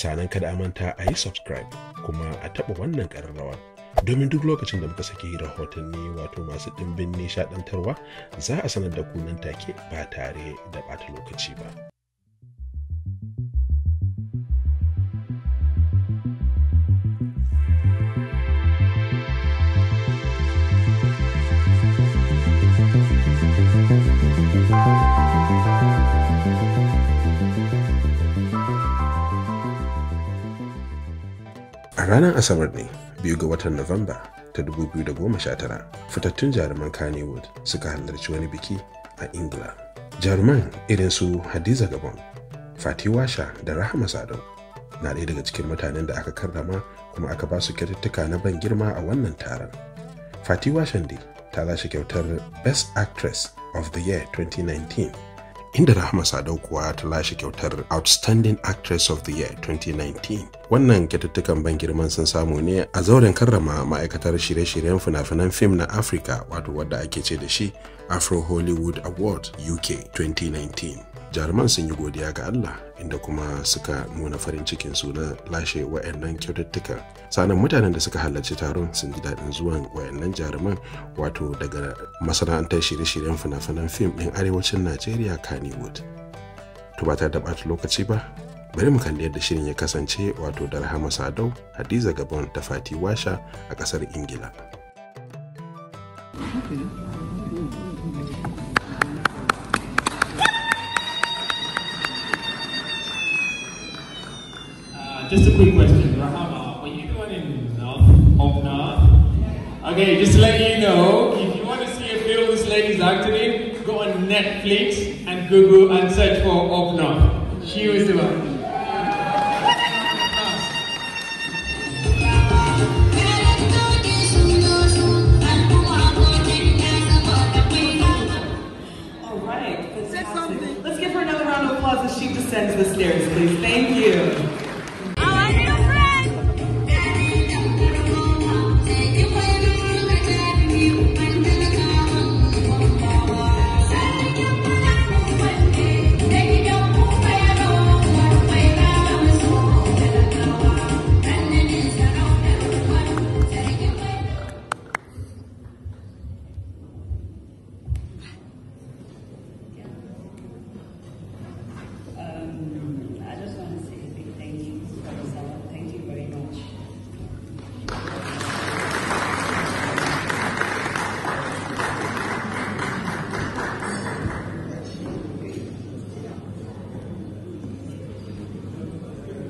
sannan kada a manta a yi subscribe kuma a taɓa wannan ƙararrawa domin duk lokacin da muka saki rahotanni wato masu ɗimbin nishaɗantarwa za a sanar da kunan take ba tare da bata lokaci ba. ranar asabar ne biyu ga watan nuwamba ta 2019 fitattun jaruman kannywood suka halarci wani biki a ingila jaruman irin su hadiza gabon washa da rahama sadau na ɗaya daga cikin mutanen da aka karrama kuma aka ba su kyaututtuka na ban girma a wannan taron Fati fatiwashan dai ta lashe kyautar best actress of the year 2019 inda Rahama Sadaukuwa ta lashe kyautar Outstanding Actress of the Year 2019. Wannan kyaututtukan ban girman sun samu ne a zauren karrama ma'aikatar shirye-shiryen fina-finan fim na Afirka wato wadda ake ce da shi Afro Hollywood Award UK 2019. jaruman sun yi godiya ga allah inda kuma suka nuna farin cikin su na lashe wayannan kyaututtuka sanan mutanen da suka halarci taron sun ji daɗin zuwan wayannan jaruman wato daga masana'antar shirye-shiryen fina-finan fim ɗin arewacin najeriya kannywood to ba ta da ɓata lokaci ba bari mu kalli yadda shirin ya kasance wato da rahama sadau hadiza gabon da fati washa a ƙasar ingila just a quick question. Rahama, were you the one in North Okay, just to let you know, if you want to see a film this lady's acting in, go on Netflix and Google and search for Opna. She was the one. Let's give her another round of applause as she descends the stairs, please. Thank you.